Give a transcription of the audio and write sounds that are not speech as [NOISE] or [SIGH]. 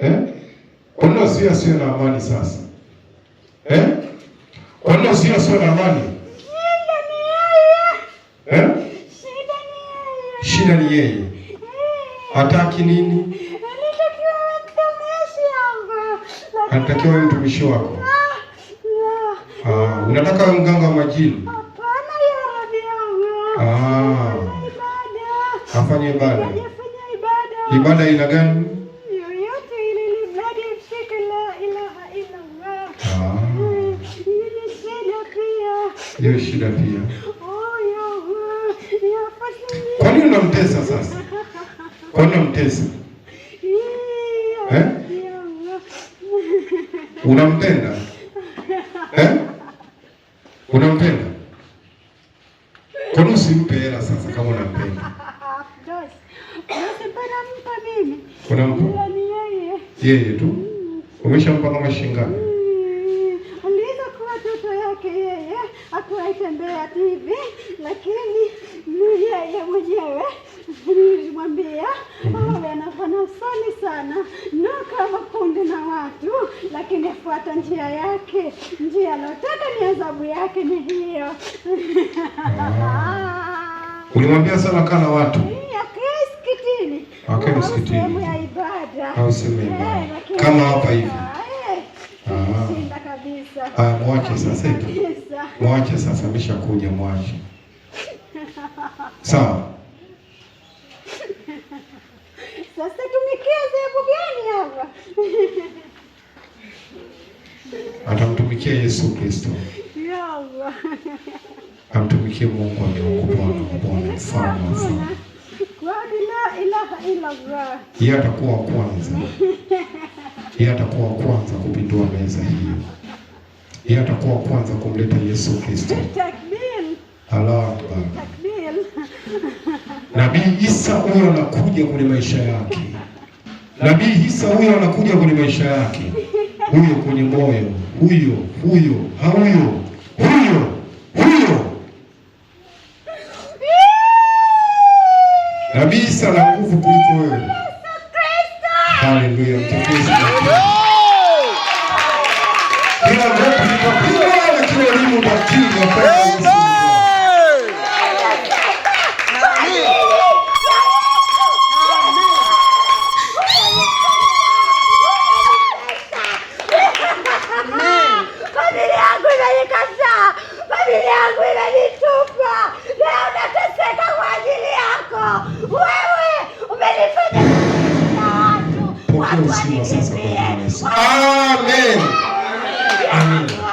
eh? Kwa nini na amani sasa eh? Kwa nini Osia asiwe na amani? Eh? Shida ni yeye. Hataki nini? Anatakiwa wewe mtumishi wako. Ah, ah unataka wewe mganga wa majini? Hapana, ah. afanye ibada. Ibada ina gani? hiyo shida pia. Kwa nini unamtesa sasa? Kwa nini unamtesa eh? Unampenda eh? Unampenda? Kwa nini usimpe hela sasa kama unampenda? Unampa yeye tu. Mm. Umeshampa kama shilingi ngapi? kwake yeye hakuwahi tv lakini ni yeye mwenyewe nilimwambia awe mhm. oh, anafana sani sana kama kundi na watu, lakini afuata njia yake. Njia alotaka ni adhabu yake ni hiyo. [LAUGHS] Ulimwambia sana kana watu akae msikitini au sehemu ya ibada eh, kama hapa hivi Ah, mwache sasa hivi. Mwache sasa misha kuja mwache. Sawa. Sasa tumekeze hapo gani hapa? Atamtumikia Yesu Kristo. Ya Yalla. Amtumikie Mungu wa miungu Bwana wa Bwana mfalme wa mfalme. La ilaha illa Allah. Yeye atakuwa kwanza. Yeye atakuwa kwanza kupindua meza hii yeye atakuwa kwanza kumleta Yesu Kristo. Nabii Isa huyo anakuja kwenye maisha yake. Nabii Isa huyo anakuja kwenye maisha yake, huyo kwenye moyo, huyo huyo, hauyo huyo huyo. Nabii Isa na nguvu kuliko wewe. Haleluya! bila hofu nitapiga nikiwa limu na kinga. Amen. Amen.